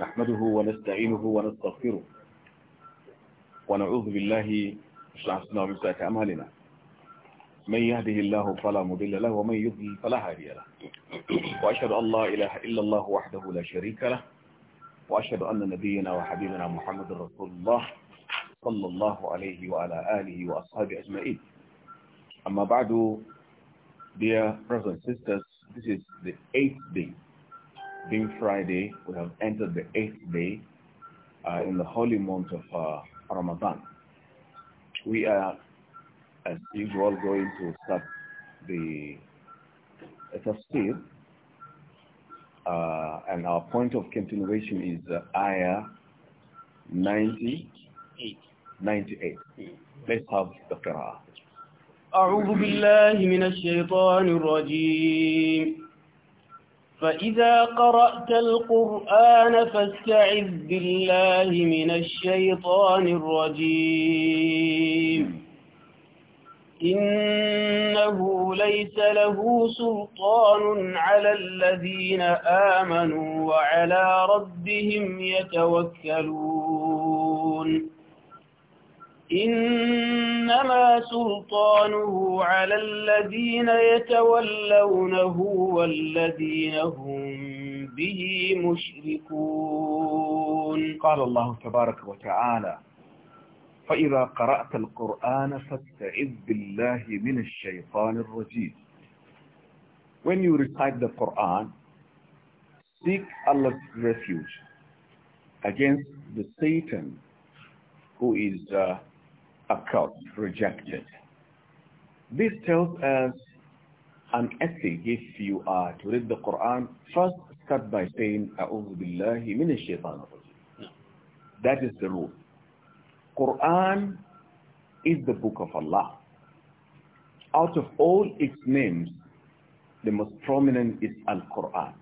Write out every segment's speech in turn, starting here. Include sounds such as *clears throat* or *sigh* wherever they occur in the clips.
نحمده ونستعينه ونستغفره ونعوذ بالله شعصنا ومساك أمالنا من يهده الله فلا مضل له ومن يضل فلا هادي له وأشهد أن لا إله إلا الله وحده لا شريك له وأشهد أن نبينا وحبيبنا محمد رسول الله صلى الله عليه وعلى آله وأصحابه أجمعين أما بعد Dear brothers and sisters, this is the eighth day being Friday, we have entered the eighth day uh, in the holy month of uh, Ramadan. We are, as usual, going to start the tafsir, uh, and our point of continuation is uh, Ayah 90, 98. Let's have the Qur'an. أعوذ بالله من الشيطان الرجيم فإذا قرأت القرآن فاستعذ بالله من الشيطان الرجيم إنه ليس له سلطان على الذين آمنوا وعلى ربهم يتوكلون إن إنما سلطانه على الذين يتولونه والذين هم به مشركون قال الله تبارك وتعالى فإذا قرأت القرآن فاستعذ بالله من الشيطان الرجيم When you recite the Quran, seek Allah's refuge against the Satan who is uh, across, rejected. This tells us an ethic if you are to read the Quran, first start by saying, أعوذ بالله من الشيطان That is the rule. Quran is the book of Allah. Out of all its names, the most prominent is Al-Quran.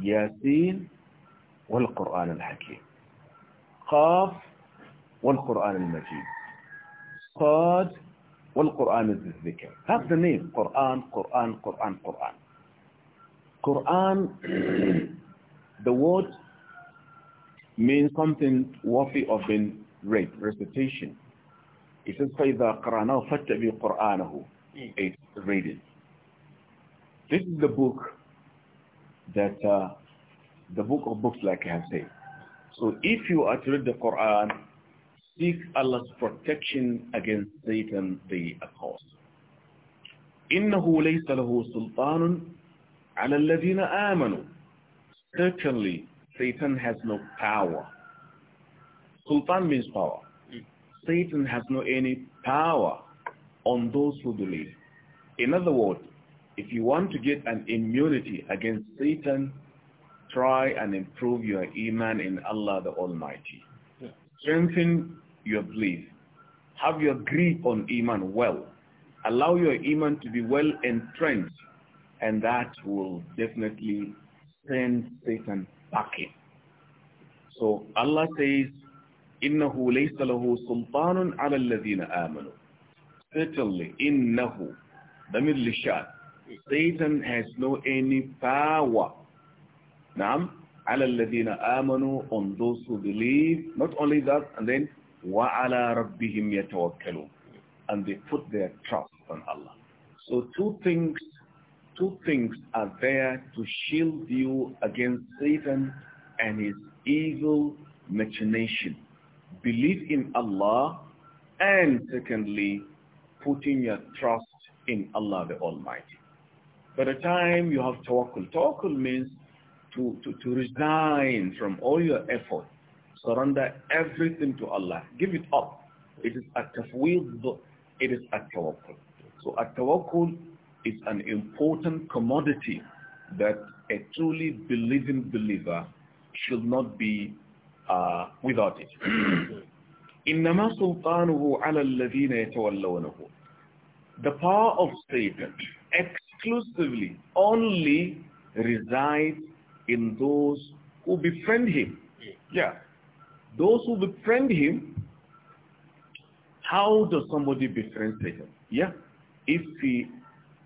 Yasin wal-Quran al-Hakim. Qaf wal-Quran al-Majid is والقرآن الذكر That's the name Quran, Quran, Quran, Quran Quran *clears throat* the word means something worthy of being read recitation it says فَإِذَا قَرَأْنَهُ فَاتَّبِي قُرْآنَهُ it's reading this is the book that uh, the book of books like I have said so if you are to read the Quran seek Allah's protection against Satan the accursed. إِنَّهُ لَيْسَ لَهُ سُلْطَانٌ عَلَى الَّذِينَ آمَنُوا Certainly, Satan has no power. Sultan means power. Satan has no any power on those who believe. In other words, if you want to get an immunity against Satan, try and improve your iman in Allah the Almighty. Strengthen your belief. Have your grip on Iman well. Allow your Iman to be well entrenched and that will definitely send Satan back in. So Allah says, إِنَّهُ لَيْسَ لَهُ سُلْطَانٌ عَلَى الَّذِينَ آمَنُوا Certainly, إِنَّهُ the middle Satan has no any power. نعم, عَلَى الَّذِينَ آمَنُوا On those who believe. Not only that, and then وَعَلَىٰ رَبِّهِمْ يَتَوَكَّلُونَ And they put their trust on Allah. So two things, two things are there to shield you against Satan and his evil machination. Believe in Allah and secondly, putting your trust in Allah the Almighty. By the time you have tawakkul, tawakkul means to, to, to resign from all your effort surrender everything to Allah. Give it up. It is a tafweed, it is a tawakkul. So a tawakkul is an important commodity that a truly believing believer should not be uh, without it. *clears throat* إِنَّمَا سُلْطَانُهُ عَلَى الَّذِينَ يَتَوَلَّوْنَهُ The power of Satan exclusively only resides in those who befriend him. Yeah. Those who befriend him, how does somebody befriend Satan? Yeah, if he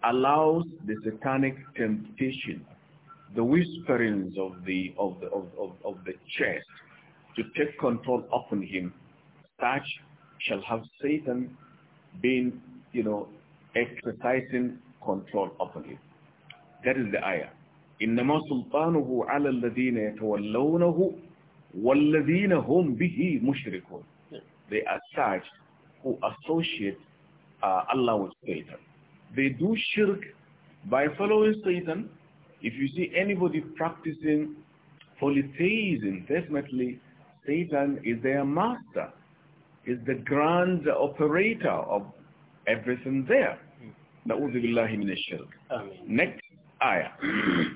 allows the satanic temptation, the whisperings of the of the of, of, of the chest to take control upon him, such shall have Satan been, you know, exercising control upon him. That is the ayah. إنما سلطانه على الذين يتولونه وَالَّذِينَ هُمْ بِهِ مُشْرِكُونَ They are such who associate uh, Allah with Satan. They do shirk by following Satan. If you see anybody practicing polytheism, definitely Satan is their master, is the grand operator of everything there. Hmm. Next آية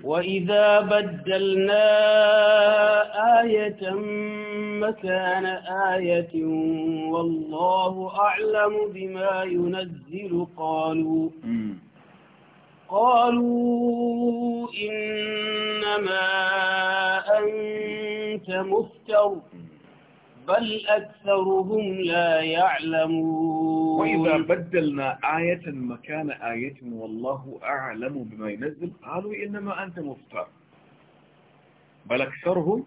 وإذا بدلنا آية مكان آية والله أعلم بما ينزل قالوا قالوا إنما أنت مفتر بل أكثرهم لا يعلمون وإذا بدلنا آية مكان آية والله أعلم بما ينزل قالوا إنما أنت مفتر بل أكثرهم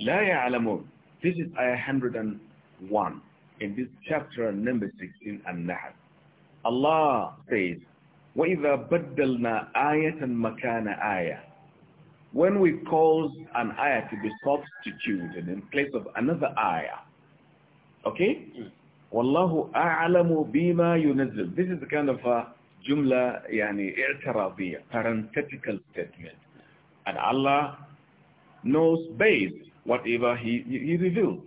لا يعلمون This is آية 101 in this chapter number 16 النحل Allah says وإذا بدلنا آية مكان آية when we cause an ayah to be substituted in place of another ayah, okay? Wallahu a'lamu bima yunazzil. This is the kind of a jumla, yani, a parenthetical statement. And Allah knows best whatever he, he reveals.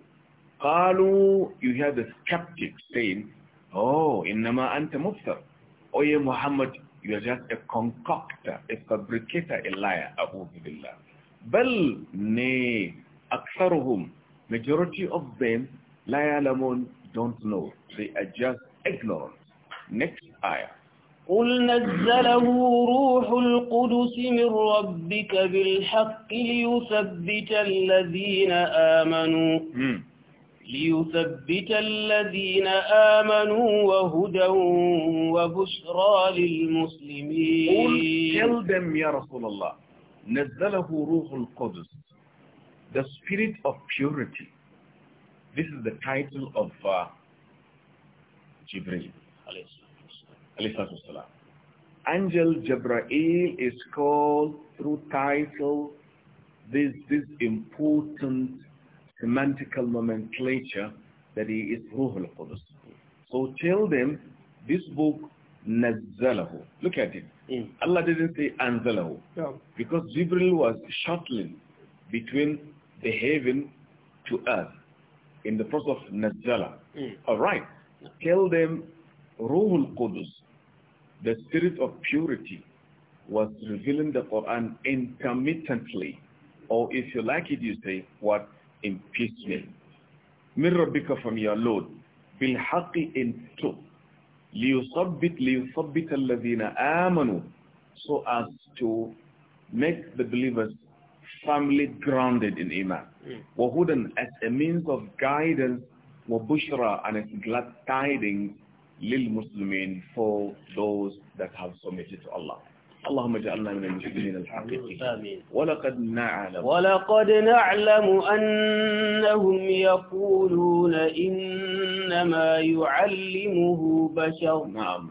قالوا, you hear the skeptic saying, oh, innama anta muftar. Oye Muhammad, you are just a concocter, a fabricator, a liar, A'udhu Billah. Bal, nay, aksaruhum, majority of them, la yalamun, don't know. They are just ignorant. Next ayah. قل نزله روح القدس من ربك بالحق ليثبت الذين آمنوا hmm. ليثبت الذين آمنوا وهدى وبشرى للمسلمين قل tell them يا رسول الله نزله روح القدس the spirit of purity this is the title of uh, Jibril Angel Jibreel is called through title this, this important semantical nomenclature that he is Ruhul Qudus. So tell them this book Nazalahu. Look at it. Mm. Allah didn't say Anzalahu. No. Because Jibril was shuttling between the heaven to earth in the process of Nazala. Mm. All right. Tell them Ruhul Qudus, the spirit of purity, was revealing the Quran intermittently. Or if you like it, you say, what? impeachment. من ربك from your Lord بالحق in truth ليثبت ليثبت الذين آمنوا so as to make the believers firmly grounded in iman hmm. وهدى as a means of guidance وبشرى and as glad tidings Muslimin for those that have submitted to Allah اللهم اجعلنا من المسلمين الحقيقيين ولقد نعلم ولقد نعلم أنهم يقولون إنما يعلمه بشر نعم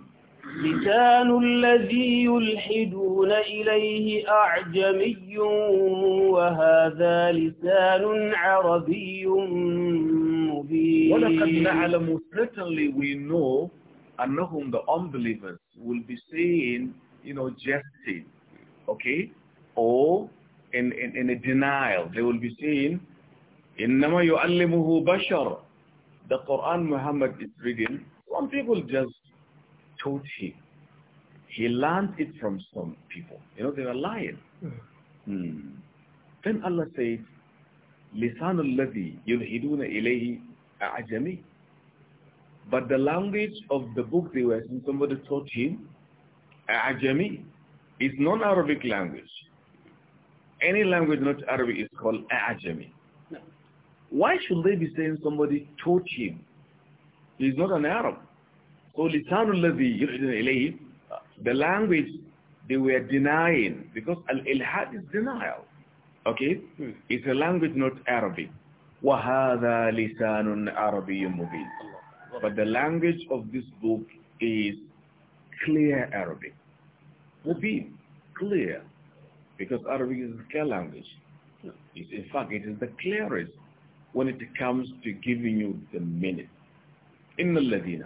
لسان الذي يلحدون إليه أعجمي وهذا لسان عربي مبين ولقد نعلم certainly we know أنهم the unbelievers will be saying you know, jesting, okay, or in, in, in a denial. They will be saying, إِنَّمَا يُعَلِّمُهُ Bashar." The Quran Muhammad is reading, some people just taught him. He learned it from some people. You know, they were lying. hmm. hmm. Then Allah says, لِسَانُ الَّذِي يُلْهِدُونَ إِلَيْهِ أَعْجَمِي But the language of the book they were saying, somebody taught him, Ajami is non-Arabic language. Any language not Arabic is called Ajami. Why should they be saying somebody taught him? He's not an Arab. So لسان الذي إليه the language they were denying because al-ilhad is denial. Okay? Hmm. It's a language not Arabic. وَهَذَا لِسَانٌ عَرَبِيٌّ مُبِينٌ But the language of this book is clear Arabic will be clear because Arabic is a clear language. In fact, it is the clearest when it comes to giving you the meaning. Inna الذين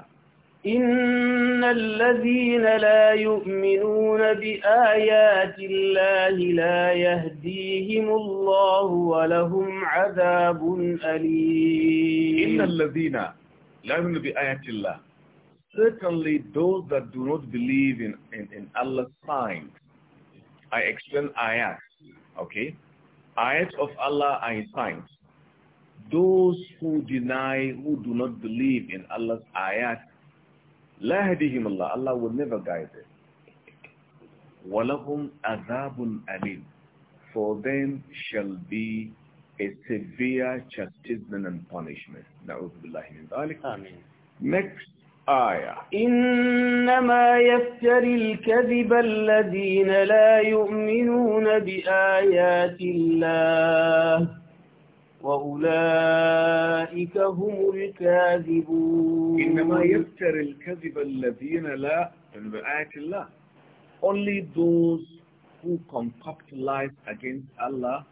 إن الذين لا يؤمنون بآيات الله لا يهديهم الله ولهم عذاب أليم إن الذين لا يؤمنون بآيات الله Certainly those that do not believe in, in, in Allah's signs, I explain ayat, okay? Ayat of Allah are signs. Those who deny, who do not believe in Allah's ayat, لا يهديهم Allah. Allah will never guide them. وَلَهُمْ أَذَابٌ أَلِيمٌ For them shall be a severe chastisement and punishment. Next آية إنما يفتر الكذب الذين لا يؤمنون بآيات الله وأولئك هم الكاذبون إنما يفتر الكذب الذين لا يؤمنون بآيات الله Only those who concoct lies against Allah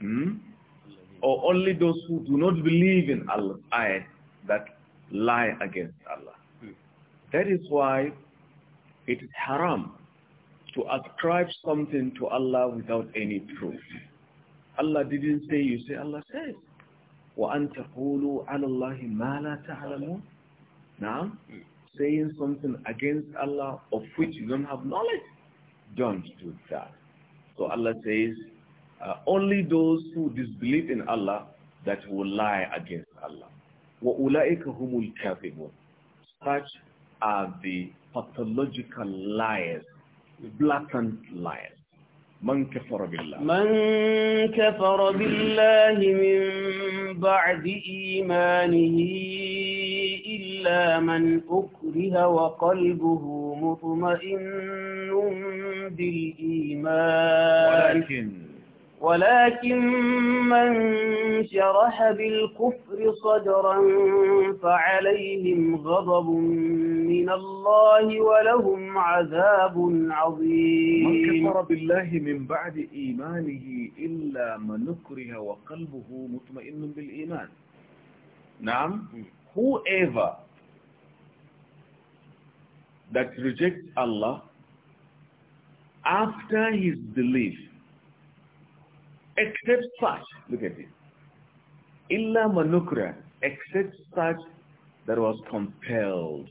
hmm? or only those who do not believe in Allah's ayat that lie against Allah. Hmm. That is why it is haram to ascribe something to Allah without any proof. Allah didn't say, you say Allah says. وَأَن تَقُولُوا عَلَى اللَّهِ مَا لَا تَعْلَمُونَ Now, hmm. saying something against Allah of which you don't have knowledge, don't do that. So Allah says, uh, only those who disbelieve in Allah that will lie against Allah. وَأُولَٰئِكَ هُمُ الْكَاذِبُونَ Such are the pathological liars, blatant liars. من كفر بالله من كفر بالله من بعد إيمانه إلا من أكره وقلبه مطمئن بالإيمان ولكن ولكن من شرح بالكفر صدرا فعليهم غضب من الله ولهم عذاب عظيم من كفر بالله من بعد إيمانه إلا من كره وقلبه مطمئن بالإيمان نعم whoever that rejects Allah after his belief except such, look at this, illa manukra, except such that was compelled.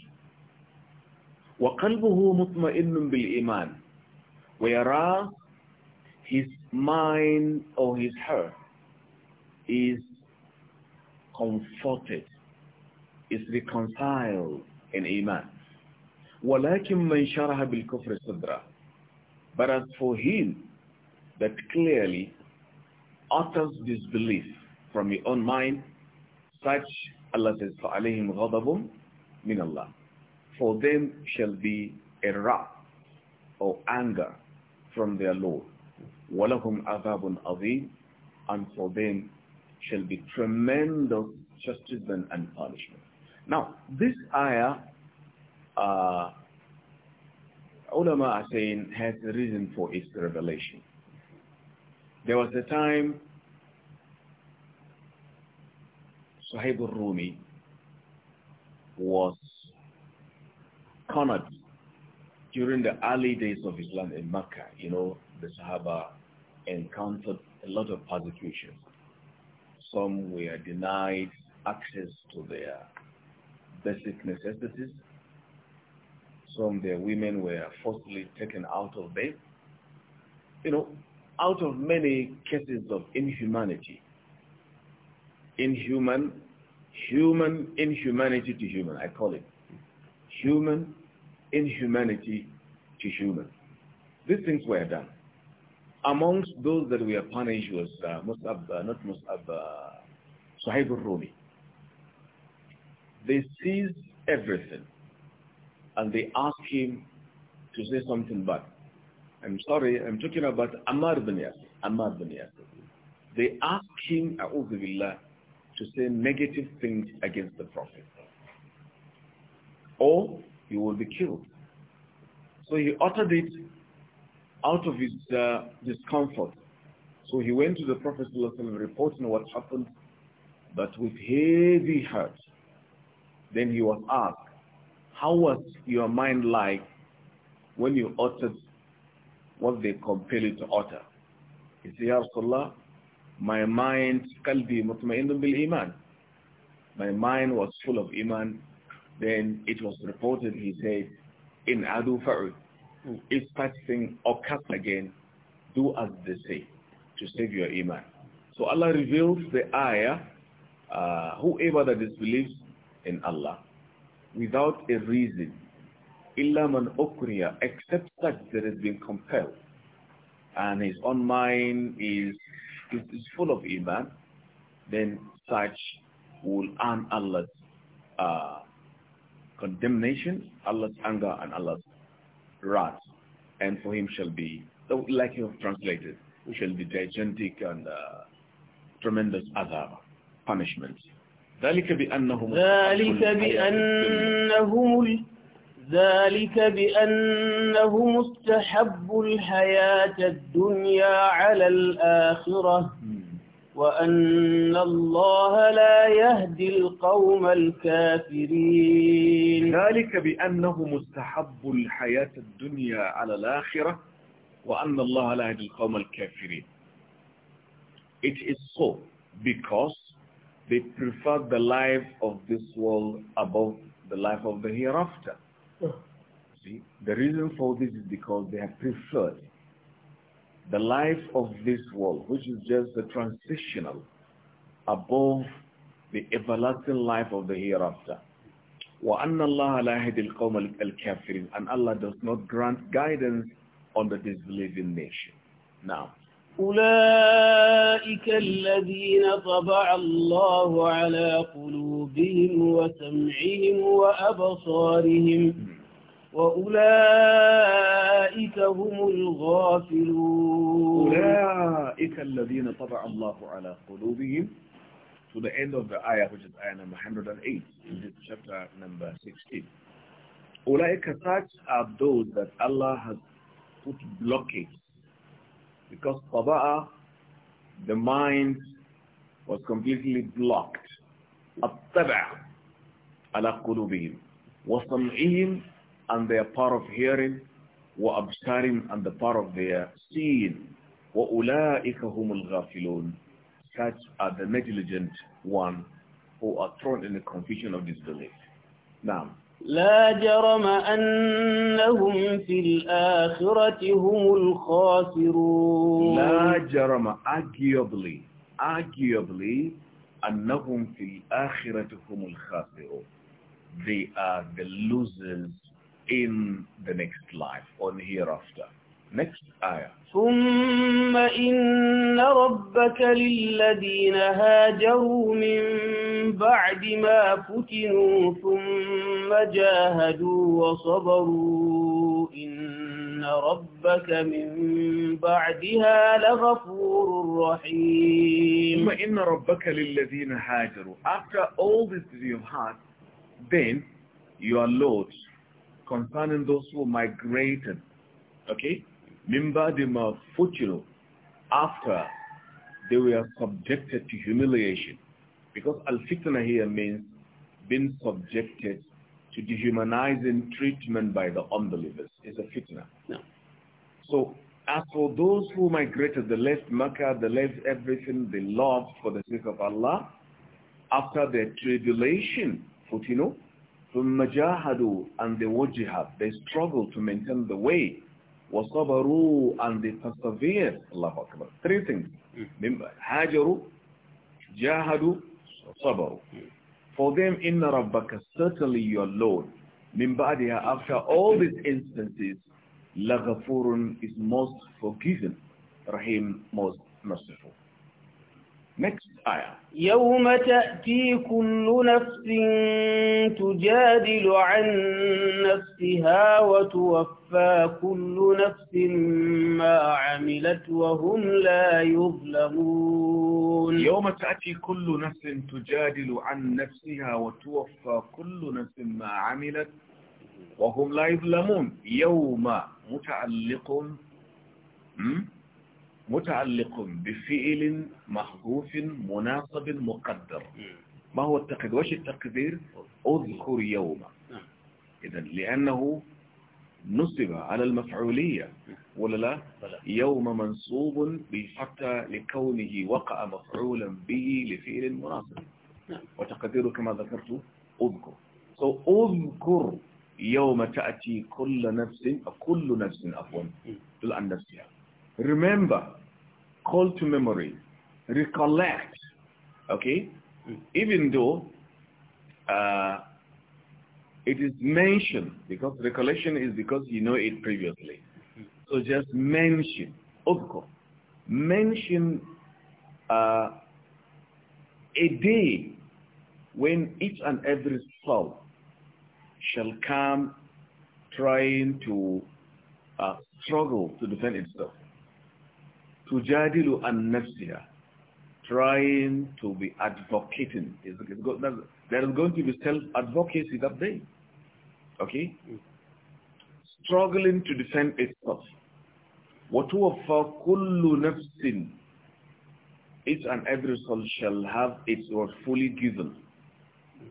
وَقَلْبُهُ مُطْمَئِنٌ بِالْإِيمَانِ Whereas his mind or his heart is comforted, is reconciled in Iman. وَلَكِنْ مَنْ شَرَحَ بِالْكُفْرِ صَدْرًا But as for him that clearly utters disbelief from your own mind, such Allah says, فَعَلَيْهِمْ غَضَبٌ مِنَ اللَّهِ For them shall be a wrath or anger from their Lord. وَلَهُمْ عَذَابٌ عَظِيمٌ And for them shall be tremendous chastisement and punishment. Now, this ayah, uh, ulama are saying, has a reason for its revelation. There was a time Sahib Rumi was cornered during the early days of Islam in Mecca. You know, the Sahaba encountered a lot of persecution. Some were denied access to their basic necessities. Some their women were forcibly taken out of bed. You know, out of many cases of inhumanity, inhuman, human inhumanity to human, I call it, human inhumanity to human. These things were done. Amongst those that were punished was uh, Mus'ab, uh, not Mus'ab, uh, Suhaib al-Rumi. They seized everything and they asked him to say something back. I'm sorry, I'm talking about Ammar bin Yasir. Ammar bin Yasir. They asked him, A'udhu Billah, to say negative things against the Prophet. Or he will be killed. So he uttered it out of his uh, discomfort. So he went to the Prophet ﷺ reporting what happened, but with heavy heart. Then he was asked, how was your mind like when you uttered what they compel you to utter. He said, Ya Rasulullah, my mind, kalbi mutma'innun bil iman. My mind was full of iman. Then it was reported, he said, in adu fa'ud. If such thing occurs again, do as they say to save your iman. So Allah reveals the ayah, uh, whoever that disbelieves in Allah, without a reason, Ilham and أُكْرِيَ Except such that has been compelled. And his own mind is, is, is full of iman. Then such will earn Allah's uh, condemnation, Allah's anger, and Allah's wrath. And for him shall be, like you have translated, shall be gigantic and uh, tremendous azab, punishments. ذلك بأنهم ذلك بأنهم ذلك بأنه استحبوا الحياة الدنيا على الآخرة وأن الله لا يهدي القوم الكافرين ذلك بأنه استحبوا الحياة الدنيا على الآخرة وأن الله لا يهدي القوم الكافرين It is so because they prefer the life of this world above the life of the hereafter. See, the reason for this is because they have preferred the life of this world, which is just the transitional, above the everlasting life of the hereafter. وَأَنَّ اللَّهَ لَا يَهْدِي الْقَوْمَ الْكَافِرِينَ And Allah does not grant guidance on the disbelieving nation. Now, أولئك الذين طبع الله على قلوبهم وسمعهم وأبصارهم وأولئك هم الغافلون أولئك الذين طبع الله على قلوبهم to the end of the ayah which is ayah number 108 in this chapter number 16 أولئك such are those that Allah has put blockades Because Qaba'a, the mind was completely blocked. الطبع على قلوبهم and their power of hearing وأبصارهم and the power of their seeing وأولئك هم الغافلون such are the negligent one who are thrown in the confusion of disbelief. Now, لا جرم أنهم في الآخرة هم الخاسرون لا جرم arguably arguably أنهم في الآخرة هم الخاسرون they are the losers in the next life on hereafter next ayah ثم إن ربك للذين هاجروا من بعد ما فتنوا ثم جاهدوا وصبروا إن ربك من بعدها لغفور رحيم ثم إن ربك للذين هاجروا After all this you have had then your Lord concerning those who migrated okay min ba'dima Futuro after they were subjected to humiliation because al-fitna here means being subjected to dehumanizing treatment by the unbelievers it's a fitna no. so as for those who migrated they left Mecca they left everything they loved for the sake of Allah after their tribulation Futuro from Majahadu And the wajihad, jihad. They struggled to maintain the way وَصَبَرُوا And they persevered. Allah Akbar. Three things. Remember, هَاجَرُوا جَاهَدُوا صَبَرُوا For them, إِنَّ رَبَّكَ Certainly your Lord. مِنْ بَعْدِهَا After all these instances, لَغَفُورٌ is most forgiven. Rahim, most merciful. Next ayah. يوم تأتي كل نفس تجادل عن نفسها وتوفى كل نفس ما عملت وهم لا يظلمون يوم تأتي كل نفس تجادل عن نفسها وتوفى كل نفس ما عملت وهم لا يظلمون يوم متعلق متعلق بفعل محذوف مناسب مقدر ما هو التقدير وش التقدير اذكر يوما نعم. اذا لانه نصب على المفعولية ولا لا يوم منصوب بالفتى لكونه وقع مفعولا به لفعل مناسب نعم. وتقديره كما ذكرت اذكر so اذكر يوم تأتي كل نفس كل نفس عفوا تلعن نفسها يعني. remember, call to memory, recollect, okay? Mm. Even though uh, it is mentioned, because recollection is because you know it previously. Mm-hmm. So just mention, of course, mention uh, a day when each and every soul shall come trying to uh, struggle to defend itself tujadilu an nafsiha trying to be advocating is there is going to be self advocacy that day okay struggling to defend itself what wafa kullu nafsin each and every soul shall have its word fully given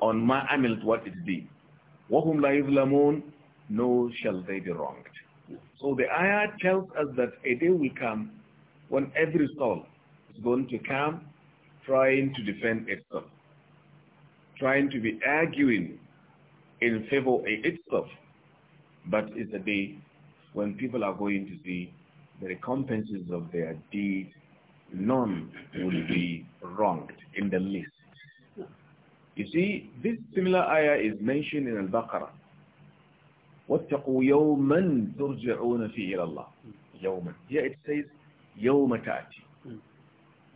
on my amulet what it be wahum la yuzlamun no shall they be wronged so the ayah tells us that a day will come when every soul is going to come trying to defend itself, trying to be arguing in favor of itself. But it's a day when people are going to see the recompenses of their deeds, none will be wronged in the least. You see, this similar ayah is mentioned in Al-Baqarah. وَاتَّقُوا يَوْمًا تُرْجِعُونَ فِيهِ إِلَى اللَّهِ يَوْمًا Here it says, yawma hmm. ta'ati.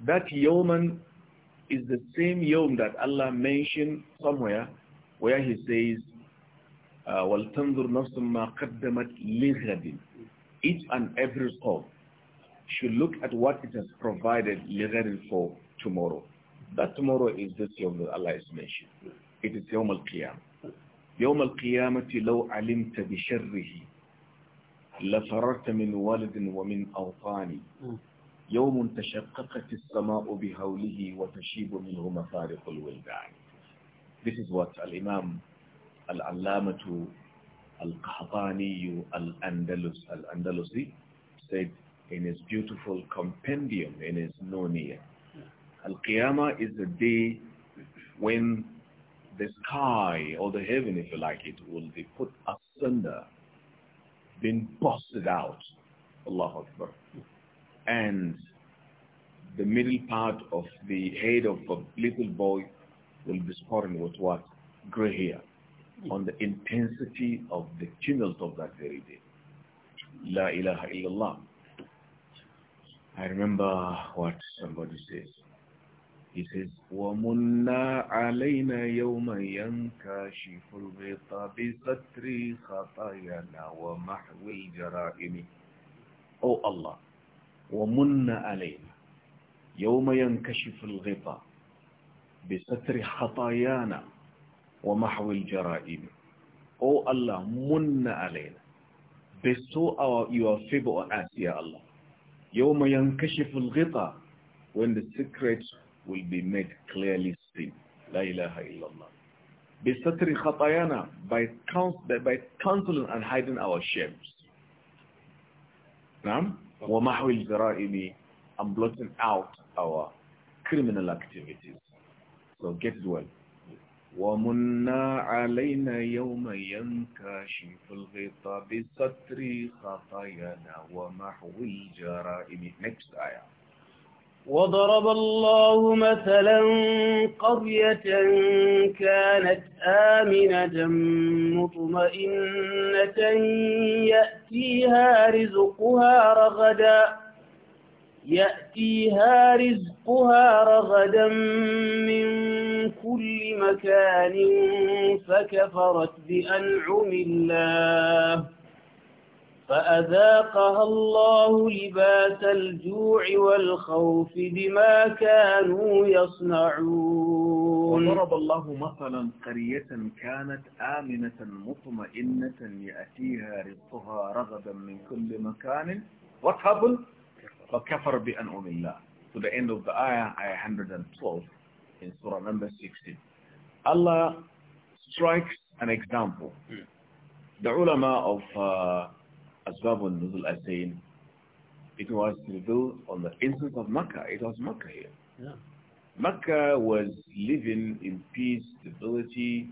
That yawman is the same yawm that Allah mentioned somewhere where he says, uh, وَلْتَنْظُرْ نَفْسٌ مَا قَدَّمَتْ لِغَدٍ Each and every soul should look at what it has provided لِغَدٍ for tomorrow. That tomorrow is this yawm that Allah is mentioned. It is yawm hmm. al-qiyam. يَوْمَ الْقِيَامَةِ لَوْ عَلِمْتَ بِشَرِّهِ لفررت من والد ومن يوم تشققت السماء بهوله وتشيب منه مفارق الولدان This is what Al-Imam Al-Allamatu Al-Qahtaniyu al al said in his beautiful compendium in his Nuniyah. Al-Qiyamah is the day when the sky or the heaven, if you like it, will be put asunder been busted out. Allah Akbar. And the middle part of the head of a little boy will be sporting with what? Gray hair. On the intensity of the tumult of that very day. La ilaha illallah. I remember what somebody says. He says, وَمُنَّا عَلَيْنَا يَوْمَ يَنْكَشِفُ الْغِطَ بِسَتْرِ خَطَايَنَا وَمَحْوِ الْجَرَائِمِ O Allah, وَمُنَّا عَلَيْنَا يَوْمَ يَنْكَشِفُ الْغِطَ بِسَتْرِ خَطَايَانَا وَمَحْوِ الْجَرَائِمِ O Allah, مُنَّ عَلَيْنَا Bestow our, your favor on us, Ya يَوْمَ يَنْكَشِفُ الْغِطَ When the secret will be made clearly seen. La ilaha illallah. Bisatri khatayana, by, by counseling and hiding our shames. Nam? Wa mahwil and blotting out our criminal activities. So get it well. ومنا علينا يوم ينكشف الغطاء بستر خطايانا ومحو الجرائم next ayah وضرب الله مثلا قرية كانت آمنة مطمئنة يأتيها رزقها رغدا يأتيها رزقها رغدا من كل مكان فكفرت بأنعم الله فأذاقها الله لباس الجوع والخوف بما كانوا يصنعون وضرب الله مثلا قرية كانت آمنة مطمئنة يأتيها رزقها رغدا من كل مكان What happened? فكفر بأنعم الله To the end of the ayah, ayah 112 in surah number 16 Allah strikes an example hmm. The ulama of uh, Asbabun Nuzul as saying, it was revealed on the instance of Makkah. It was Makkah here. Yeah. Makkah was living in peace, stability,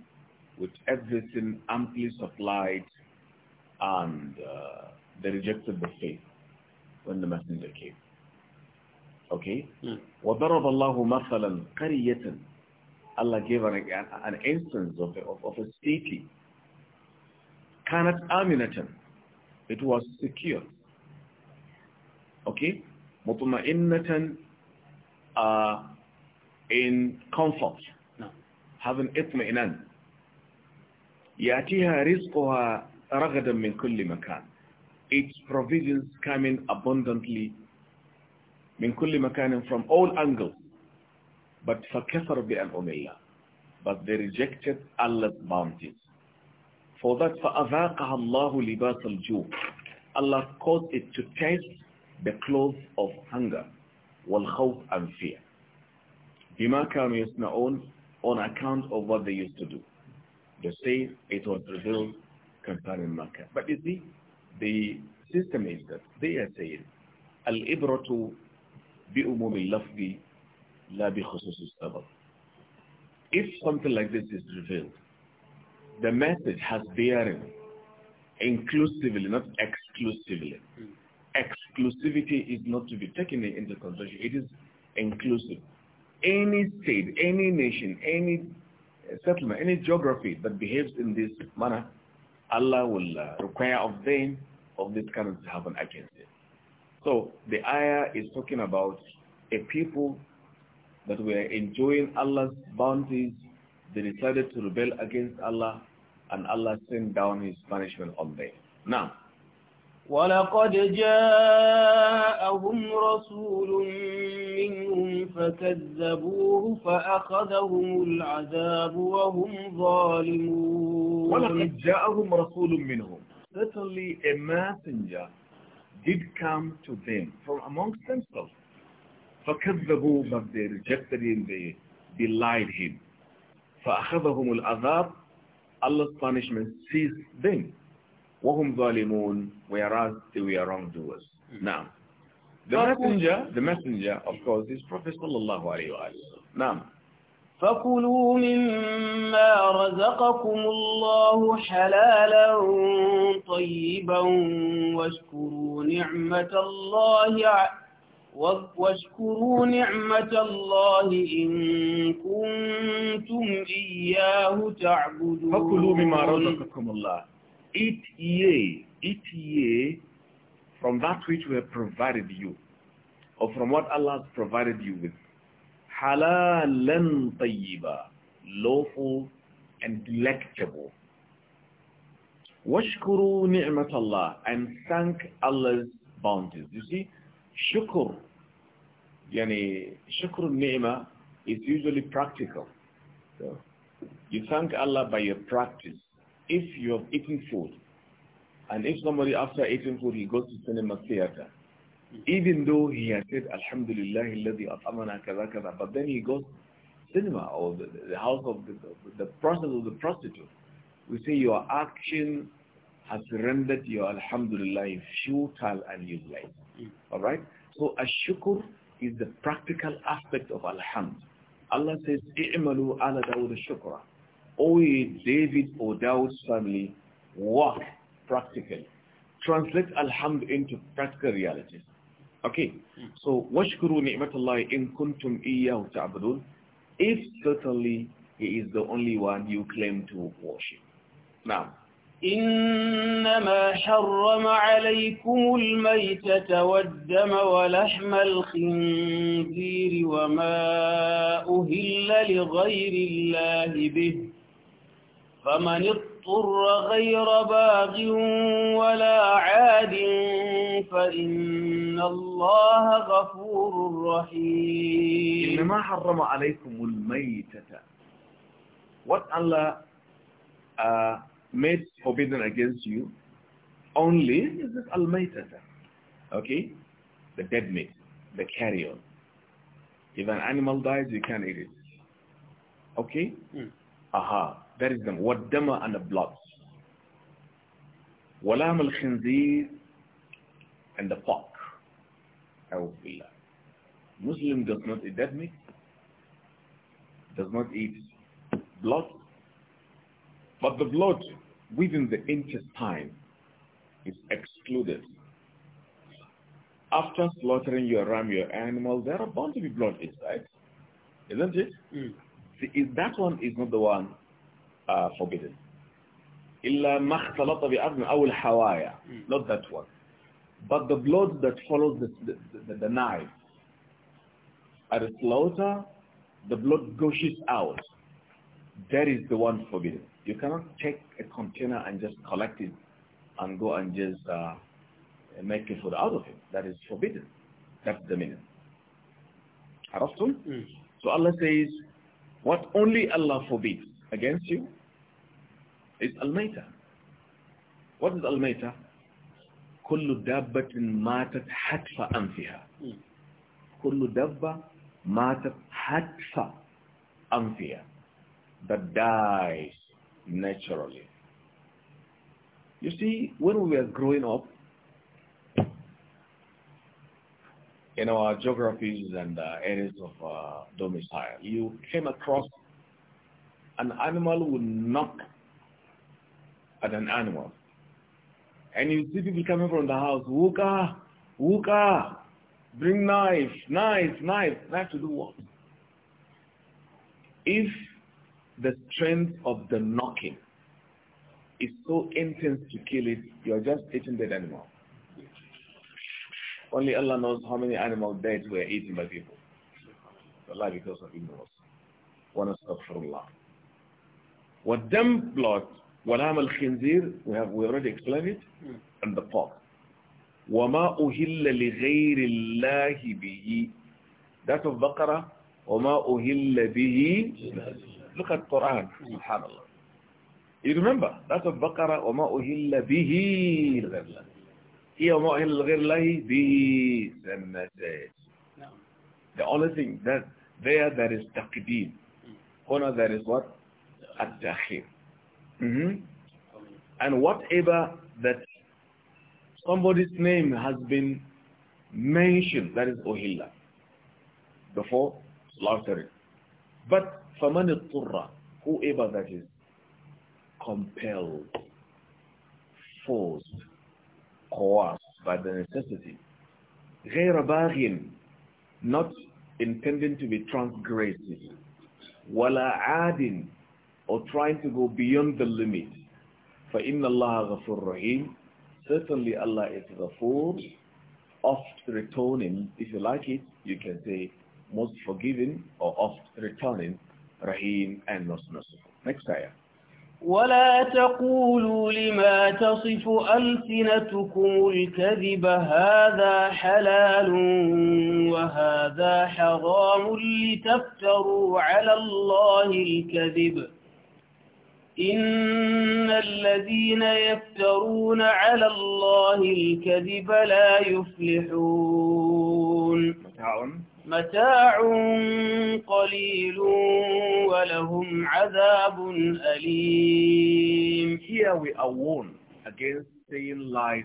with everything amply supplied, and uh, they rejected the faith when the messenger came. Okay? Mm. وَضَرَبَ اللَّهُ مَثَلًا قَرِيَةً Allah gave an, an, instance of a, of, of a city. كَانَتْ آمِنَةً it was secure. Okay? Mutma'innatan uh, in comfort. No. Having itma'inan. يأتيها رزقها رغدا Its provisions coming abundantly from all angles. But فكفر But they rejected Allah's bounties. For that, فَأَذَاقَهَا اللَّهُ لِبَاسَ الْجُوعِ Allah caused it to taste the clothes of hunger, والخوف and fear. بِمَا كَانُوا يَصْنَعُونَ On account of what they used to do. They say it was revealed concerning Makkah. But you see, the system is that they are saying, الْإِبْرَةُ بِأُمُومِ اللَّفْضِ لَا بِخُصُوصِ السَّبَبِ If something like this is revealed, the message has bearing inclusively, not exclusively. Hmm. Exclusivity is not to be taken into consideration. It is inclusive. Any state, any nation, any uh, settlement, any geography that behaves in this manner, Allah will uh, require of them of this kind of to happen against it. So the ayah is talking about a people that were enjoying Allah's bounties they decided to rebel against Allah and Allah sent down his punishment on them. Now, ولقد جاءهم رسول منهم فكذبوه فأخذهم العذاب وهم ظالمون ولقد جاءهم رسول منهم Certainly a messenger did come to them from amongst themselves. فكذبوه but they rejected him, they belied him. فأخذهم العذاب Allah's punishment sees them وهم ظالمون whereas they were wrongdoers نعم the messenger the messenger of course is Prophet صلى الله عليه وآله. نعم فكلوا مما رزقكم الله حلالا طيبا واشكروا نعمة الله عليكم واشكروا نعمة الله إن كنتم إياه تعبدون فكلوا مما رزقكم الله Eat ye, eat ye from that which we have provided you or from what Allah has provided you with. حلالا طيبا lawful and delectable. واشكروا نعمة الله and thank Allah's bounties. You see, shukr, يعني شكر ni'mah is usually practical. So you thank Allah by your practice. If you have eaten food, and if somebody after eating food, he goes to cinema theater, even though he has said, Alhamdulillah, الذي أطعمنا كذا كذا, but then he goes cinema or the, the house of the, the, the process of the prostitute. We say your action has rendered your alhamdulillah futile and useless. Hmm. All right? So ash is the practical aspect of alhamd. Allah says, "I'malu ala Dawud shukra." O David or Dawud's family, work practically. Translate alhamd into practical realities. Okay. Hmm. So, washkuru ni'matallahi in kuntum iyyahu ta'budun. If certainly he is the only one you claim to worship. Now, إنما حرم عليكم الميتة والدم ولحم الخنزير وما أهل لغير الله به فمن اضطر غير باغ ولا عاد فإن الله غفور رحيم إنما حرم عليكم الميتة What الله made forbidden against you only is this al-maytata. Okay? The dead meat, the carrion. If an animal dies, you can't eat it. Okay? Mm. Aha. That is them. What dama and the blood. Walam al-khinzir and the pork. Awfillah. Muslim does not eat dead meat, does not eat blood, but the blood within the intestine is excluded. After slaughtering your ram, your animal, there are bound to be blood inside, isn't it? Mm. See, that one is not the one uh, forbidden. إلا hmm. Not that one. But the blood that follows the, the, the, the knife, at the slaughter, the blood gushes out. That is the one forbidden. You cannot take a container and just collect it and go and just uh, make a food out of it. That is forbidden. That's the meaning. Mm. So Allah says, what only Allah forbids against you is Al-Maita. What is Al-Maita? كل دابة ماتت حتف أنفها hmm. كل دابة ماتت حتف أنفها that dies naturally. You see, when we were growing up, in our geographies and uh, areas of uh, domicile, you came across an animal would knock at an animal. And you see people coming from the house, Wuka, Wuka, bring knife, knife, knife. Knife to do what? If the strength of the knocking is so intense to kill it, you're just eating that animal. Only Allah knows how many animals dead were eaten by people. Allah because of ignorance. One is Allah. What them blood, walam al khinzir, we have we already explained it, and the pork. وَمَا أُهِلَّ لِغَيْرِ اللَّهِ بِهِ That of Baqarah, وَمَا أُهِلَّ بِهِ Look at Quran. Subhanallah. You remember? That's of Baqarah. وَمَا أُهِلَّ بِهِ لِغَيْرِ اللَّهِ Here, وَمَا أُهِلَّ لِغَيْر بِهِ سَنَّتَيْتِ no. The only thing that there, there is taqdeem. Honor, there is what? At-takhir. Mm -hmm. And whatever that somebody's name has been mentioned, that is Ohilla, before slaughtering. But فَمَنِ الطُّرَّ Whoever that is compelled, forced, coerced by the necessity. غَيْرَ بَاغٍ Not intending to be transgressive. وَلَا عَادٍ Or trying to go beyond the limit. فَإِنَّ اللَّهَ غَفُورٌ رَحِيمٌ Certainly Allah is Ghafur, oft returning. If you like it, you can say most forgiving or oft returning. رحيم and most merciful. Next ayah. آية. ولا تقولوا لما تصف ألسنتكم الكذب هذا حلال وهذا حرام لتفتروا على الله الكذب إن الذين يفترون على الله الكذب لا يفلحون متاع قليل ولهم عذاب أليم Here we are warned against saying lies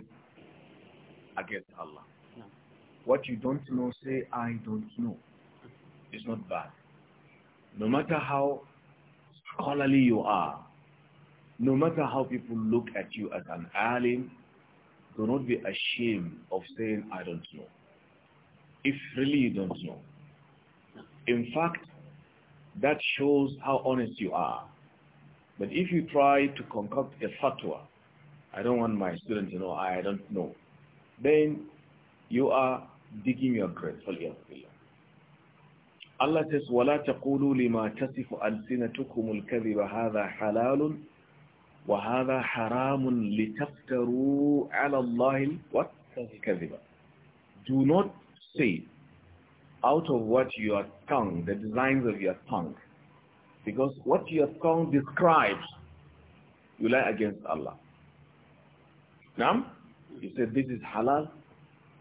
against Allah. What you don't know, say, I don't know. It's not bad. No matter how scholarly you are, no matter how people look at you as an alim, do not be ashamed of saying, I don't know if really you don't know. In fact, that shows how honest you are. But if you try to concoct a fatwa, I don't want my students to know, I don't know, then you are digging your grave. Allah says, وَلَا تَقُولُوا لِمَا تَصِفُ أَلْسِنَتُكُمُ الْكَذِبَ هَذَا حَلَالٌ وَهَذَا حَرَامٌ لِتَفْتَرُوا عَلَى اللَّهِ الْكَذِبَ Do not say out of what your tongue, the designs of your tongue. Because what your tongue describes, you lie against Allah. Now, you say this is halal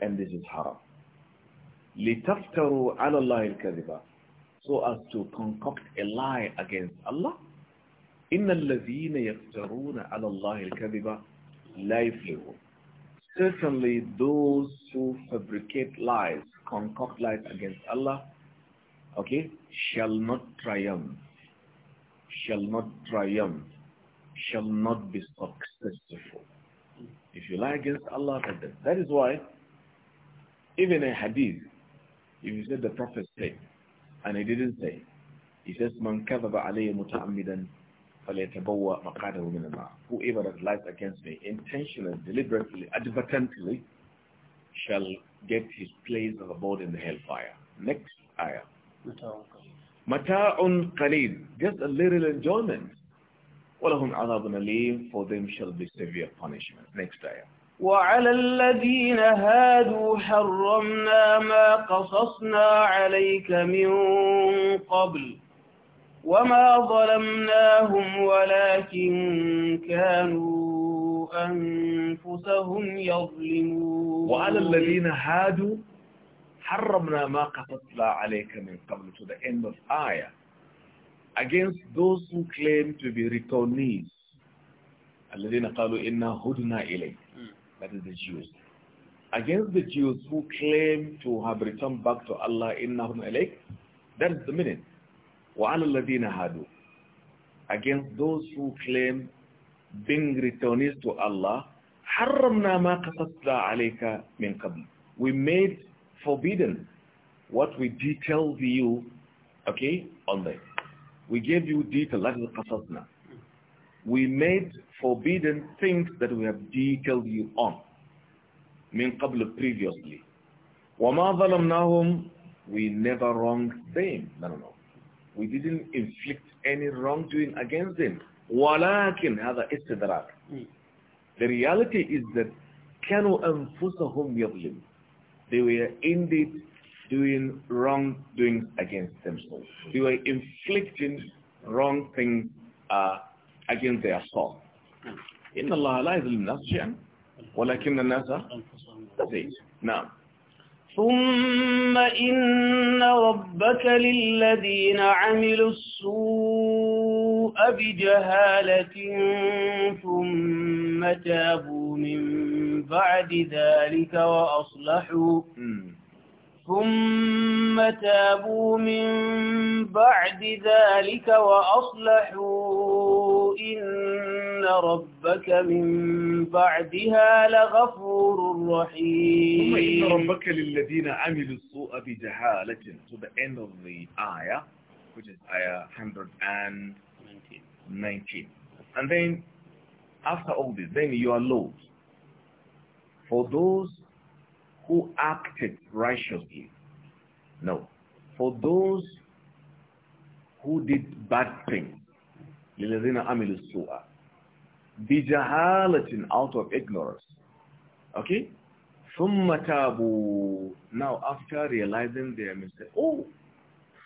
and this is haram. لِتَفْتَرُوا عَلَى اللَّهِ الْكَذِبَ So as to concoct a lie against Allah. إِنَّ الَّذِينَ يَفْتَرُونَ عَلَى اللَّهِ الْكَذِبَ لَا يفلحون Certainly those who fabricate lies, concoct lies against Allah, okay, shall not triumph, shall not triumph, shall not be successful. If you lie against Allah, that is why even a hadith, if you said the Prophet said, and he didn't say, he says, Man kathaba alayya muta'ammidan Whoever that lies against me intentionally, deliberately, advertently shall get his place of abode in the hellfire. Next ayah. Mata'un qalil. Just a little enjoyment. وَلَهُمْ عَذَابٌ أَلِيمٌ For them shall be severe punishment. Next ayah. وعلى الذين هادوا حرمنا ما قصصنا عليك من قبل وما ظلمناهم ولكن كانوا أنفسهم يظلمون وعلى الذين هادوا حرمنا ما قصصنا عليك من قبل to the end of ayah against those who claim to be returnees الذين قالوا إنا هدنا إليك that is the Jews against the Jews who claim to have returned back to Allah إنا هدنا إليك that is the minute وَعَلَى Against those who claim being returnees to Allah, حَرَّمْنَا مَا قَصَصْنَا عَلَيْكَ مِنْ قَبْلِ We made forbidden what we detailed you, okay, on that. We gave you detail, that is قَصَصْنَا. We made forbidden things that we have detailed you on. مِنْ قَبْلِ previously. وَمَا ظَلَمْنَاهُمْ We never wronged them. No, no, no. We didn't inflict any wrongdoing against them. ولكن هذا استدراك. Hmm. The reality is that كانوا أنفسهم يظلم. They were indeed doing wrongdoings against themselves. They were inflicting wrong things uh, against their soul. Hmm. إن الله لا يظلم الناس شيئا hmm. ولكن الناس That's it. Now. ثم إن ربك للذين عملوا السوء بجهالة ثم تابوا من بعد ذلك وأصلحوا ثم تابوا من بعد ذلك وأصلحوا إن ربك من بعدها لغفور رحيم ثم إن ربك للذين عملوا السوء بجهالة to the end of the ayah which is ayah 119 and then after all this then you are Lord for those who acted righteously. No. For those who did bad things, لِلَذِينَ out of ignorance. Okay? ثُمَّ تَابُوا Now after realizing their mistake, oh,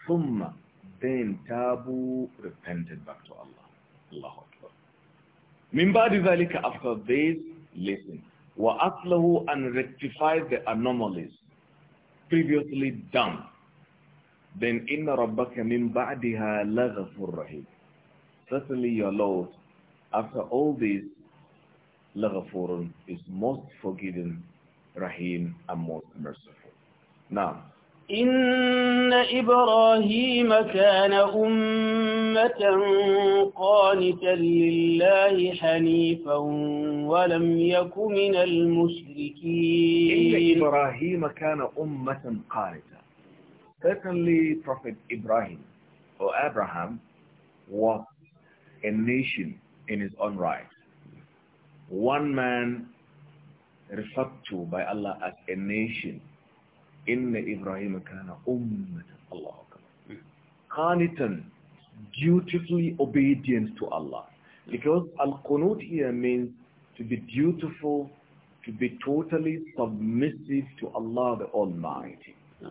ثُمَّ Then tabu repented back to Allah. Allahu Akbar. مِنْ بَعْدِ ذَلِكَ After this, listen. وَأَصْلَهُ and rectify the anomalies previously done. Then إِنَّ رَبَّكَ مِنْ بَعْدِهَا لَغَفُرْ رَحِيمٌ Certainly your Lord, after all this, لَغَفُرٌ is most forgiving, Rahim, and most merciful. Now, إن إبراهيم كان أمة قانتا لله حنيفا ولم يك من المشركين إن إبراهيم كان أمة قانتا Certainly Prophet Ibrahim or Abraham was a nation in his own right. One man referred to by Allah as a nation Inna Ibrahim kana أمة الله hmm. قانتا dutifully obedient to Allah because al-qunut here means to be dutiful to be totally submissive to Allah the Almighty hmm.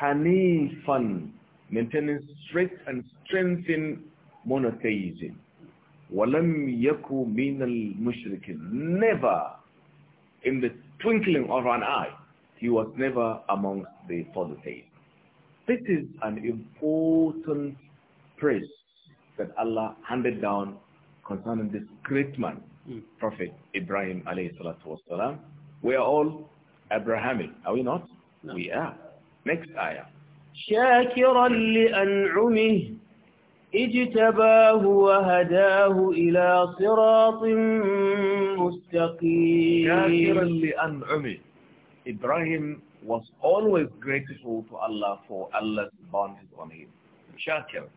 hanifan maintaining strict and strengthening monotheism yaku min al mushrikin never in the twinkling of an eye he was never amongst the polytheists. This is an important praise that Allah handed down concerning this great man, mm. Prophet Ibrahim alayhi salatu wasalam. We are all Abrahamic, are we not? No. We are. Next ayah. شاكرا لأنعمه اجتباه وهداه إلى صراط مستقيم شاكرا لأنعمه Ibrahim was always grateful to Allah for Allah's bounty on him. Shakir.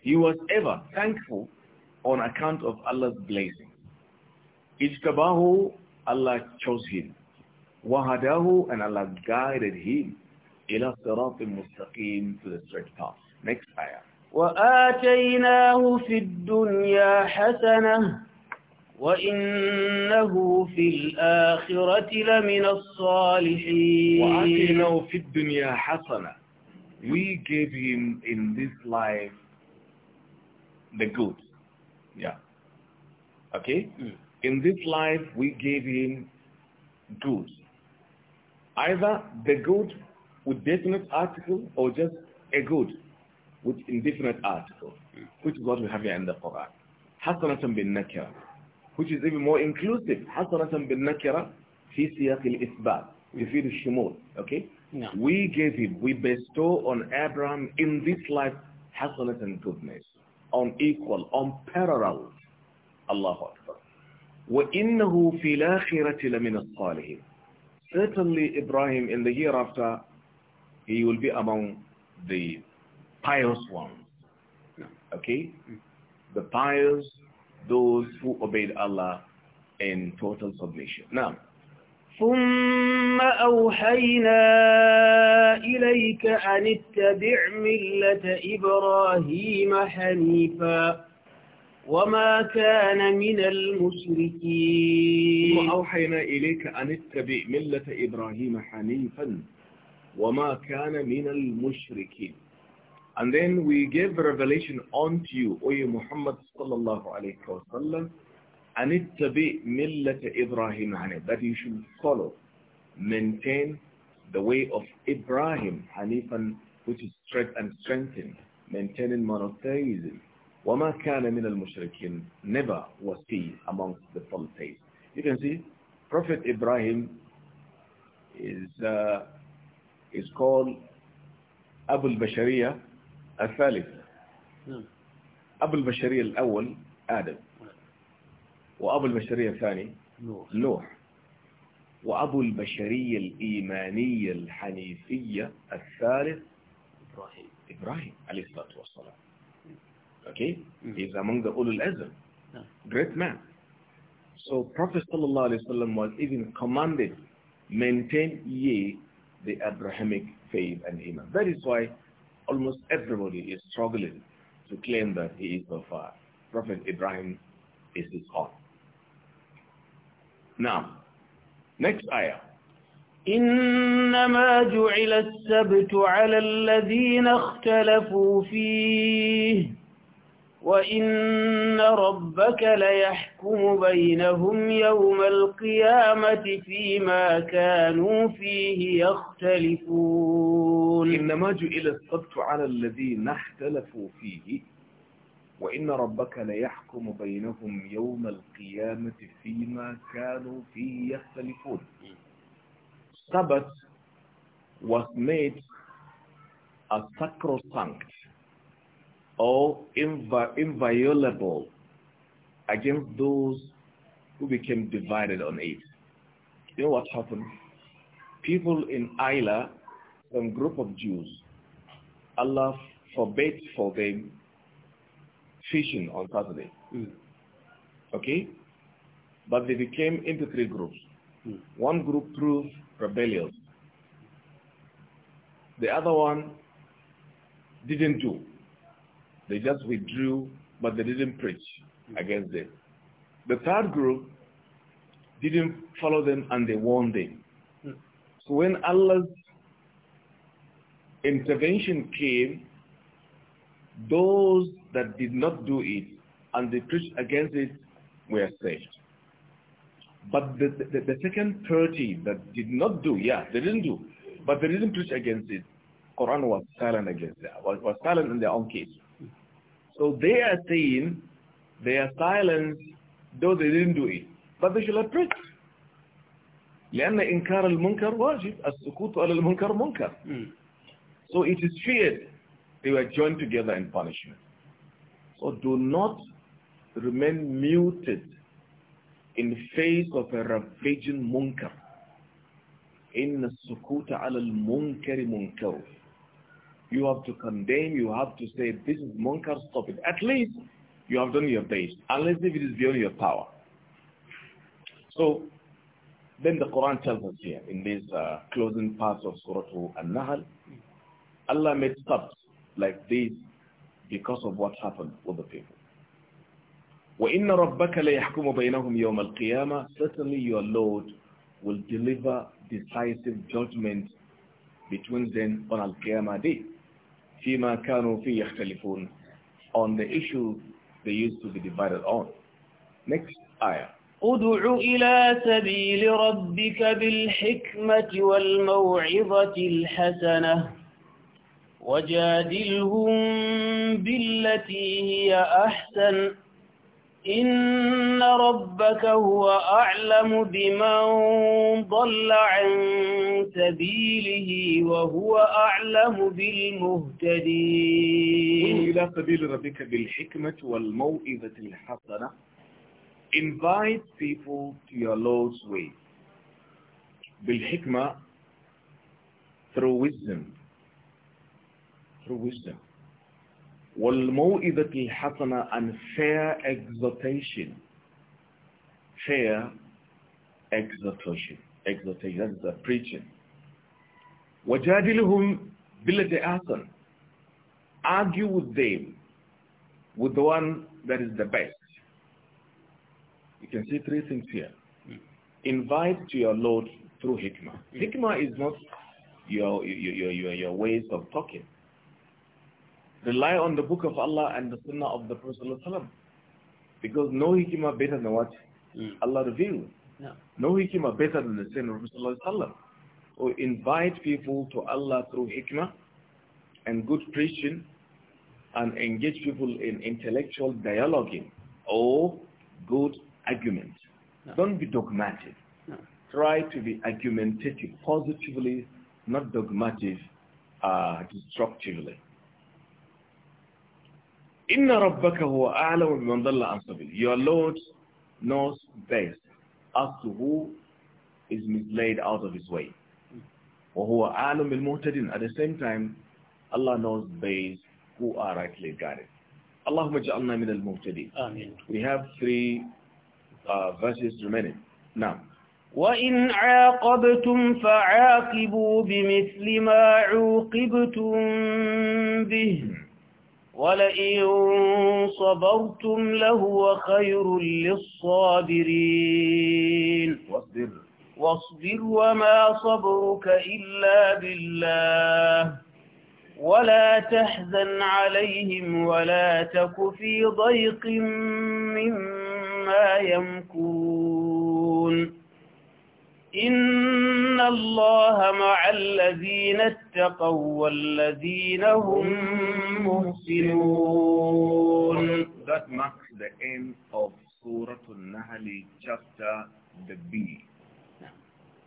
He was ever thankful on account of Allah's blessing. Ijtabahu, Allah chose him. Wahadahu, and Allah guided him. Ila siratim mustaqim, to the straight path. Next ayah. وآتيناه في الدنيا حسنة وإنه في الآخرة لمن الصالحين في الدنيا حسنة We gave him in this life the good. Yeah. Okay? Mm. In this life we gave him good. Either the good with definite article or just a good with indefinite article, mm. which is what we have here in the Quran. حسنة بالنكرة which is even more inclusive حسنة بالنكرة في سياق الإثبات يفيد الشمول okay no. we gave him we bestow on Abraham in this life حسنة and goodness On unequal unparalleled الله أكبر وإنه في الآخرة لمن الصالحين certainly Ibrahim in the hereafter he will be among the pious ones okay the pious those who obeyed Allah in total submission. Now, ثم أوحينا إليك أن اتبع ملة إبراهيم حنيفا وما كان من المشركين ثم أوحينا إليك أن اتبع ملة إبراهيم حنيفا وما كان من المشركين And then we gave revelation unto you, O you Muhammad sallallahu alayhi wa sallam, and ittabi millata Ibrahim hanif, that you should follow, maintain the way of Ibrahim hanifan, which is straight and strengthened, maintaining monotheism. وَمَا كَانَ مِنَ الْمُشْرِكِينَ Never was he amongst the polytheists. You can see, Prophet Ibrahim is, uh, is called Abu al الثالث نعم. أب البشرية الأول آدم وأب البشرية الثاني نوح وأب البشرية الإيمانية الحنيفية الثالث إبراهيم إبراهيم عليه الصلاة والسلام أوكي نعم. among the أولو الأزم نعم. great man so Prophet صلى الله عليه وسلم was even commanded maintain ye the Abrahamic faith and iman that is why almost everybody is struggling to claim that he is the uh, Prophet Ibrahim is his own. Now, next ayah. إنما جعل السبت على الذين اختلفوا فيه وإن ربك ليحكم بينهم يوم القيامة فيما كانوا فيه يختلفون يقول إنما جئل السبت على الذي اختلفوا فيه وإن ربك ليحكم بينهم يوم القيامة فيما كانوا فيه يختلفون Sabbath was made a sacrosanct or invi inviolable against those who became divided on it. You know what happened? People in Isla some group of Jews, Allah forbade for them fishing on Saturday. Mm. Okay? But they became into three groups. Mm. One group proved rebellious. The other one didn't do. They just withdrew, but they didn't preach mm. against them. The third group didn't follow them and they warned them. Hmm. So when Allah's intervention came, those that did not do it and they preached against it were saved. But the, the, the second 30 that did not do, yeah, they didn't do, but they didn't preach against it. Quran was silent against that, was, was silent in their own case. So they are saying they are silent, though they didn't do it, but they should have preached. لأن إنكار المنكر واجب السكوت على المنكر منكر hmm. So it is feared they were joined together in punishment. So do not remain muted in face of a ravaging munkar. In sukuta al munkari munkar. You have to condemn, you have to say, this is munkar, stop it. At least you have done your best, unless if it is beyond your power. So, then the Quran tells us here, in these uh, closing parts of Surah Al-Nahl, Allah made stops like this because of what happened with the people. وَإِنَّ رَبَّكَ لَيَحْكُمُ بَيْنَهُمْ يَوْمَ الْقِيَامَةِ Certainly your Lord will deliver decisive judgment between them on Al-Qiyamah Day. فِيمَا كَانُوا فِي يَخْتَلِفُونَ On the issue they used to be divided on. Next ayah. ادع إلى سبيل ربك بالحكمة والموعظة الحسنة وجادلهم بالتي هي أحسن إن ربك هو أعلم بمن ضل عن سبيله وهو أعلم بالمهتدين إلى سبيل ربك بالحكمة والموئبة الحسنة Invite people to your Lord's way بالحكمة through wisdom through wisdom. وَالْمَوْئِذَةِ الْحَسَنَةِ And fair exhortation. Fair exhortation. Exhortation, that is the preaching. وَجَادِلُهُمْ بِلَّةِ أَحْسَنَ Argue with them with the one that is the best. You can see three things here. Mm. Invite to your Lord through hikmah. Mm. Hikmah is not your, your, your, your ways of talking. Rely on the book of Allah and the sunnah of the Prophet Because no hikmah better than what hmm. Allah revealed. No. no hikmah better than the sin of Prophet ﷺ. So invite people to Allah through hikmah and good preaching and engage people in intellectual dialoguing or good argument. No. Don't be dogmatic. No. Try to be argumentative positively, not dogmatic uh, destructively. Inna رَبَّكَ هُوَ أَعْلَمُ بِمَنْ ضَلَّ عَنْ سَبِيلِ Your Lord knows best as to who is misled out of his way. who أَعْلَمُ بِالْمُهْتَدِينَ At the same time, Allah knows best who are rightly guided. اللهم اجعلنا من المهتدين. Amen. We have three uh, verses remaining. Now. وَإِنْ عَاقَبْتُمْ فَعَاقِبُوا بِمِثْلِ مَا عُوقِبْتُمْ بِهِ ولئن صبرتم لهو خير للصابرين واصبر واصبر وما صبرك إلا بالله ولا تحزن عليهم ولا تك في ضيق مما يمكرون إن الله مع الذين اتقوا والذين هم محسنون That marks the end of Surah Al-Nahl chapter the B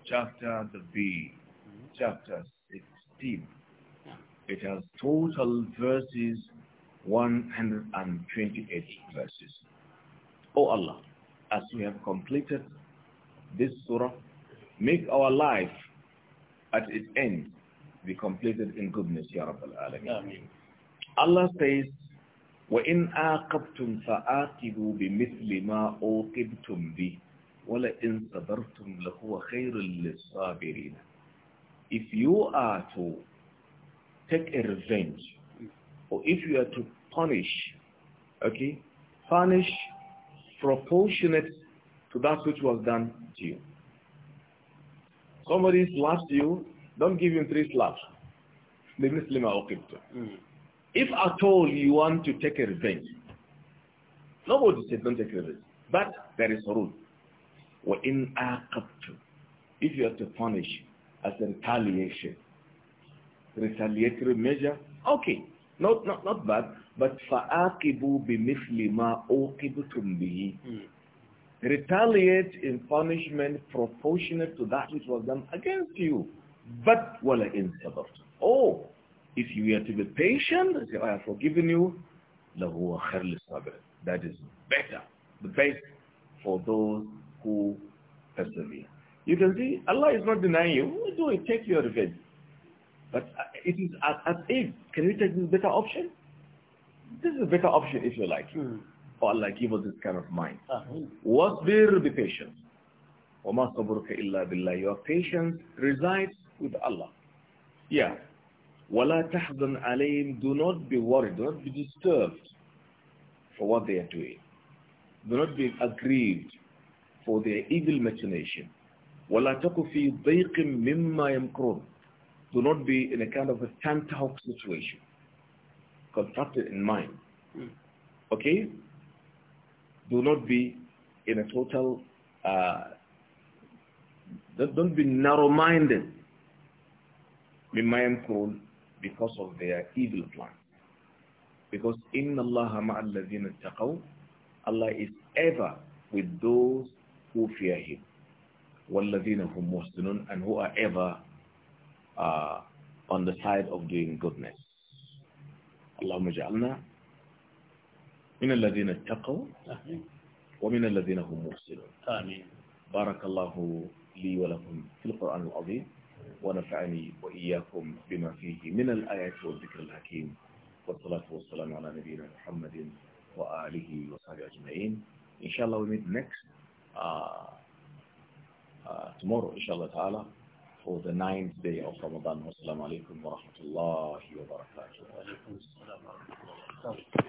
chapter the B chapter 16 It has total verses 128 verses. O oh Allah, as we have completed this surah Make our life at its end be completed in goodness, Ya Rabbal Alameen. Allah says, وَإِنْ آقَبْتُمْ فَآقِبُوا بِمِثْلِ مَا أُوقِبْتُمْ بِهِ وَلَئِنْ صَبَرْتُمْ لَهُوَ خَيْرٌ لِلصَّابِرِينَ If you are to take a revenge, or if you are to punish, okay, punish proportionate to that which was done to you. Somebody slaps you, don't give him three slaps. Mm. If at all you want to take a revenge, nobody said don't take revenge. But there is a rule. وَإِنْ أَعْقَبْتُ If you are to punish as a retaliation, retaliatory measure, okay, not, not, not bad, but فَآقِبُوا بِمِثْلِ مَا أُوْقِبْتُمْ بِهِ hmm retaliate in punishment proportionate to that which was done against you. But wala in sabr. Oh, if you are to be patient, I have forgiven you, لَهُوَ خَيْرُ sabr. That is better, the best for those who persevere. You can see Allah is not denying you. Do it, take your revenge. But uh, it is as, if, can we take this better option? This is a better option if you like. Mm. Allah, give us this kind of mind. Uh-huh. Wasbir, be patient. وَمَا صَبُرُكَ إِلَّا بِاللَّهِ Your patience resides with Allah. Yeah. وَلَا تَحْزَنْ عَلَيْهِمْ Do not be worried, do not be disturbed for what they are doing. Do not be aggrieved for their evil machination. وَلَا تَكُ فِي ضَيْقٍ مِمَّا يَمْكُرُونَ Do not be in a kind of a tantalk situation, contracted in mind. Hmm. Okay? do not be in a total, uh, don't be narrow-minded be mindful because of their evil plan. Because in Allah Allah is ever with those who fear Him. وَالَّذِينَ هُمْ مُحْسِنُونَ And who are ever uh, on the side of doing goodness. اللهم اجعلنا من الذين اتقوا ومن الذين هم محسنون آمين بارك الله لي ولكم في القرآن العظيم ونفعني وإياكم بما فيه من الآيات والذكر الحكيم والصلاة والسلام على نبينا محمد وآله وصحبه أجمعين إن شاء الله we meet next uh, uh, tomorrow إن شاء الله تعالى for the ninth day of Ramadan والسلام عليكم ورحمة الله وبركاته